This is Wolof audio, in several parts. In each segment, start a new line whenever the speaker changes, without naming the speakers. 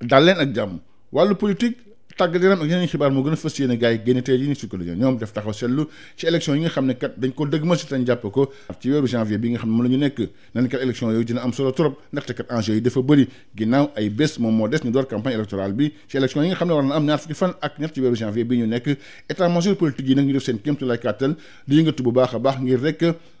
daal leen ak jàmm wàllu politique tàggat yaram ak yeneen xibaar moo gën a fës yéene gars génn tey yi ni xam ne kat dañ ko dëgg ma si tañ jàpp ko ci weeru janvier bi nga xam ne moom la nekk nan kat élection yooyu dina am solo trop ndaxte kat enjeu yi dafa bëri ginnaaw ay bés moom moo ñu door campagne électorale bi ci élection yi nga xam ne war na am ñaar fukki fan ak ñett ci weeru janvier bi ñu nekk état major politique yi nag ñu def seen kéemtu lay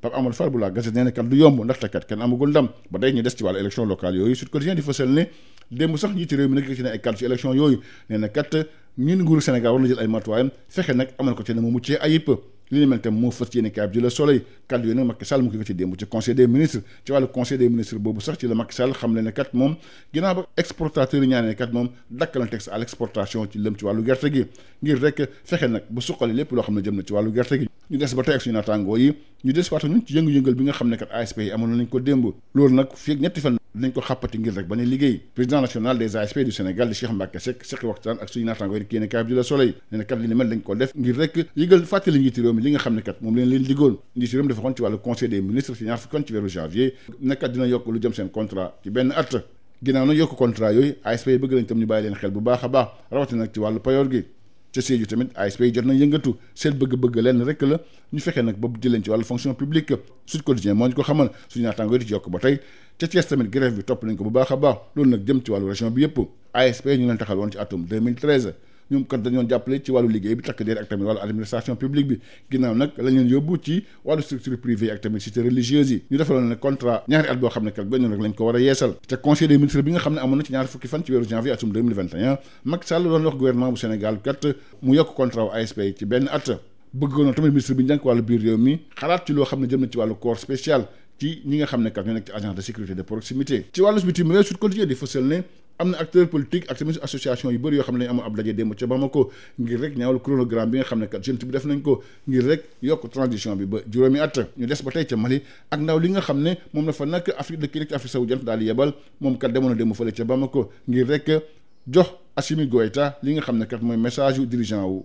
Pape Amadou Fall bu la Gazette nee na kat du yomb ndaxte kat kenn amagul ndam ba day ñu des ci wàllu élection locale yooyu Sud Quotidien di fësal ne démb sax njiiti réew mi nag ci ne ay kàddu ci élection yooyu nee na kat ñun nguuru Sénégal war na jël ay matuwaayam fexe nag amal ko ci ne mu muccee ayib li ni mel tam moo fës yéeni kaay bi di la soleil kàddu yooyu nag Macky Sall mu ngi ko ci démb ci conseil des ministres ci wàllu conseil des ministres boobu sax ci la Macky Sall xam le ne kat moom ginnaaw ba exportateur yi ñaanee ne kat moom dakkal na texte à l' exportation ci lëm ci wàllu gerte gi ngir rek fexe nag bu suqali lépp loo xam ne jëm na ci wàllu gerte gi ñu des ba tey ak suñu naataangoo yi ñu dellusiwaat ñun ci yëngu-yëngal bi nga xam ne kat ASP yi amoon nañ ko démb loolu nag fii ak ñetti fan dinañ ko xàppati ngir rek ba ne liggéey président national des ASP du Sénégal di Cheikh Mbacké Seck seqi waxtaan ak suñu naataango yi yéene kaay bi di la Soleil ne na kat li ni mel dañ ko def ngir rek yëgal fàttali njiiti réew mi li nga xam ne kat moom leen leen diggoon njiiti réew mi dafa xoon ci wàllu conseil des ministres ci ñaar fukki fan ci weeru janvier nekkat dina yokk lu jëm seen contrat ca Sédhiou tamit ASP yi jot nañ yëngatu seen bëgg-bëgg lenn rek la ñu fexe nag ba jëleen ci wàllu fonction publique Sud Quotidien moo ñu ko xamal suñu naataangoo di ci yokk ba tey ca tamit grève bi topp nañ ko bu baax a baax loolu nag jëm ci wàllu région bi yëpp ASP ñu leen taxal woon ci atum ñoom kat dañoon jàppale ci wàllu liggéey bi takk der ak tamit wàllu administration publique bi ginnaaw nag la ñeen yóbbu ci wàllu structure privée ak tamit cité religieuse yi ñu defaloon ne contrat ñaari at boo xam ne kat benn rek lañ ko war a yeesal te conseil des ministres bi nga xam ne amoon na ci ñaar fukki fan ci weeru janvier atum 2021 Macky Sall doon wax gouvernement bu Sénégal kat mu yokk contrat wu ASP yi ci benn at bëggoon tamit ministre na ci wàllu corps spécial ci ñi nga xam ne kat ñoo nekk ci am na acteur politique ak tamit association yu bëri yoo xam ne amoo ab daje démb ca Bamako ngir rek ñaawal chronogramme bi nga xam ne kat jeune bi def nañ ko ngir rek yokk transition bi ba juróomi at ñu des ba tey ca Mali ak ndaw li nga xam ne moom na fa nag Afrique de Kii Afrique wu jant daal di yebal moom kat demoon na démb fële ca Bamako ngir rek jox Assimi Goïta li nga xam ne kat mooy message yu dirigeant wu.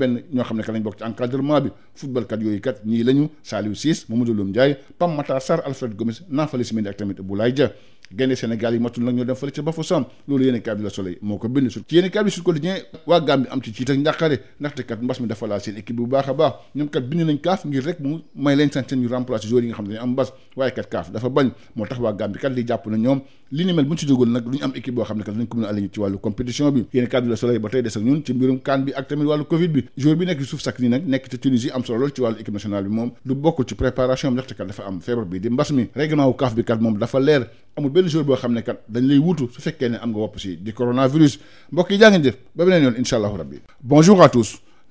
benn ñoo xam ne que lañ bokk ci encadrement bi football kat yooyu kat ñii lañu Saliou Ciss Mamadou Loum Ndiaye Pam Matar Sarr Alfred Gomis Nampalys Mendy ak tamit yi moo ko bind su ci yéeni kaab bi Sud Quotidien waa Gambie am ci ciit njàqare ndaxte kat mbas mi dafa laal seen équipe bu baax a baax ñoom kat bind nañ kaaf ngir rek mu may leen santeen ñu remplacer joueurs nga xam ne dañu am mbas waaye kat kaaf dafa bañ moo tax waa Gambie kat li jàpp ñoom li ni mel bu ñu ci jógul nag du ñu am équipe boo xam ne kat dañ ko mën a ci wàllu compétition bi yéen kàddu la soleil ba tey des ak ñun ci mbirum CAN bi ak tamit wàllu covid bi jour bi nekk Youssouf Sakhi nag nekk ci Tunisie am solo lool ci wàllu équipe nationale bi moom lu bokkul ci préparation bi ndaxte kat dafa am feebar bi di mbas mi règlement wu bi kat moom dafa leer amul benn jour boo xam ne kat dañ lay wutu su fekkee ne am nga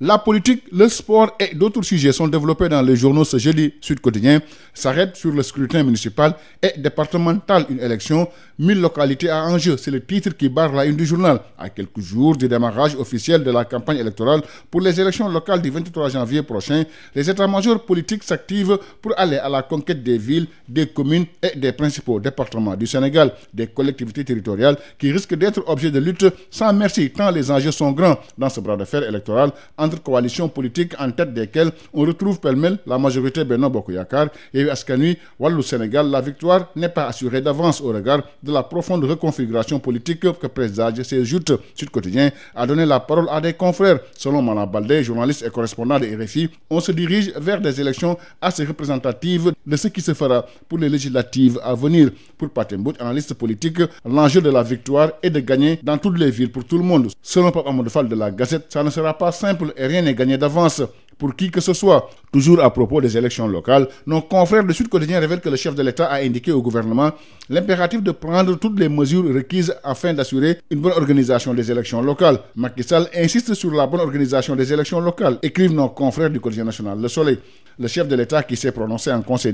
La politique, le sport et d'autres sujets sont développés dans les journaux ce jeudi. Sud Quotidien s'arrête sur le scrutin municipal et départemental, une élection, mille localités à enjeu. C'est le titre qui barre la une du journal. À quelques jours du campagne électorale pour les élections locales du 23 janvier prochain, les états-majors politiques s'activent pour aller à la conquête des villes, des communes et des principaux départements du Sénégal, des collectivités territoriales qui risquent d'être objets de lutte sans merci tant les entre en tête desquelles on retrouve pêle-mêle la majorité Benno Bokk Yakaar Yewwi Askan Wi Wallu Sénégal la victoire n'est pas assurée d'avance au regard de la profonde reconfiguration politique que présage ces joutes Sud Quotidien a donné la parole à des confrères selon Malang journaliste et correspondant de RFI on se dirige vers des élections assez représentatives de ce qui se fera pour les législatives à venir pour Pathé analyste politique et rien n'est gagné d'avance pour qui que ce soit. Toujours à propos des élections locales, nos confrères de Sud Quotidien révèlent que le chef de l'État a indiqué au gouvernement l'impératif de prendre toutes les mesures requises afin d'assurer une bonne organisation des élections locales. Macky Sall insiste sur la bonne organisation des élections locales, écrivent nos confrères du quotidien national Le Soleil. Le chef de l'État qui s'est prononcé en Conseil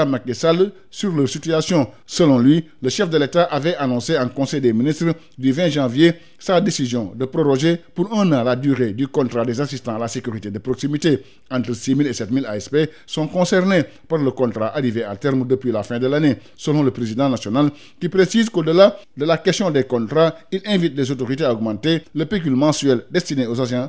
l'État Macky Sall sur leur situation. Selon lui, le chef de l'État avait annoncé en Conseil des ministres du janvier sa décision de proroger pour un an la durée du contrat des assistants à la sécurité de proximité. Entre 6 000 et 7 000 ASP sont concernés par le contrat arrivé à terme depuis la fin de l'année, selon le président national qui précise qu'au-delà de la question des contrats, il invite les autorités à augmenter le pécule mensuel destiné aux agents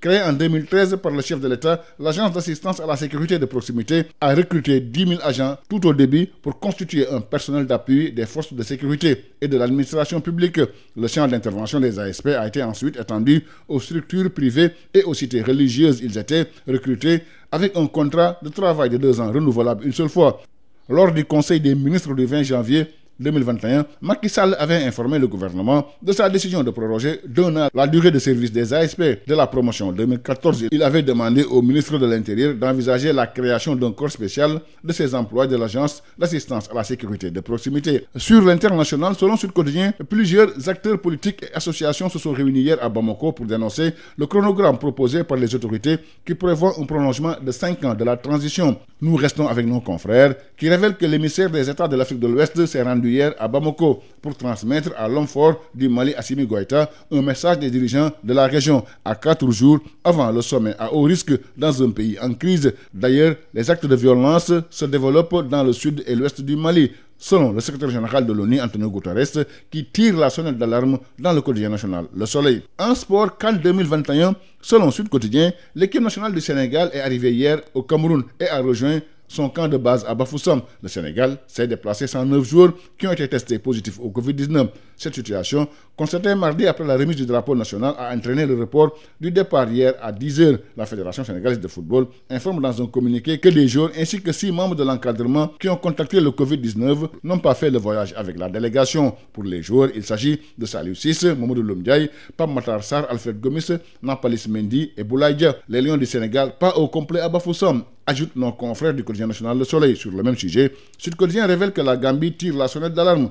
Créée en 2013 par le chef de l'État, l'Agence d'assistance à la sécurité de proximité a recruté 10 000 agents tout au début pour constituer un personnel d'appui des forces de sécurité et de l'administration publique. Le champ d'intervention des ASP a été ensuite étendu aux structures privées et aux cités religieuses. Ils étaient recrutés avec un contrat de travail de deux ans renouvelable une seule fois. Lors du Conseil des ministres du janvier, 2021, avait informé le gouvernement de sa décision de proroger d'un an la durée de service des ASP de la promotion 2014. Il avait demandé au ministre de l'Intérieur d'envisager la création d'un corps spécial de ces emplois de l'Agence d'assistance à la sécurité de proximité. Sur l'international, selon Sud Quotidien, plusieurs acteurs politiques et associations se sont réunis hier à Bamako pour dénoncer le chronogramme proposé par les autorités qui prévoit Nous restons avec nos confrères qui révèlent que l'émissaire des États de l'Afrique de l'Ouest s'est rendu hier à Bamako pour transmettre à l'homme fort du Mali Assimi Goïta un message des dirigeants de la région à quatre jours avant le sommet à haut risque dans un pays en crise. D'ailleurs, les actes de violence se développent dans le sud et l'ouest du Mali. selon le secrétaire général de l'ONU, Antonio Guterres, qui tire la sonnette d'alarme dans le quotidien national Le Soleil. En sport, CAN selon Sud Quotidien, l'équipe nationale du Sénégal est arrivée hier au Cameroun et a rejoint son camp de base à Bafoussam. Le Sénégal s'est déplacé 109 joueurs qui ont été testés positifs au covid Cette situation, constatée mardi après la remise du drapeau national, a entraîné le report du départ hier à 10h. La Fédération sénégalaise de football informe dans un communiqué que des joueurs ainsi que six membres de l'encadrement qui ont contacté le Covid-19 n'ont pas fait le voyage avec la délégation. Pour les joueurs, il s'agit de Saliou Sis, ajoute nos confrères du quotidien national Le Soleil. Sur le même sujet, Sud Quotidien révèle que la Gambie tire la sonnette d'alarme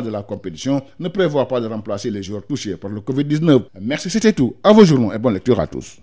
règlement de la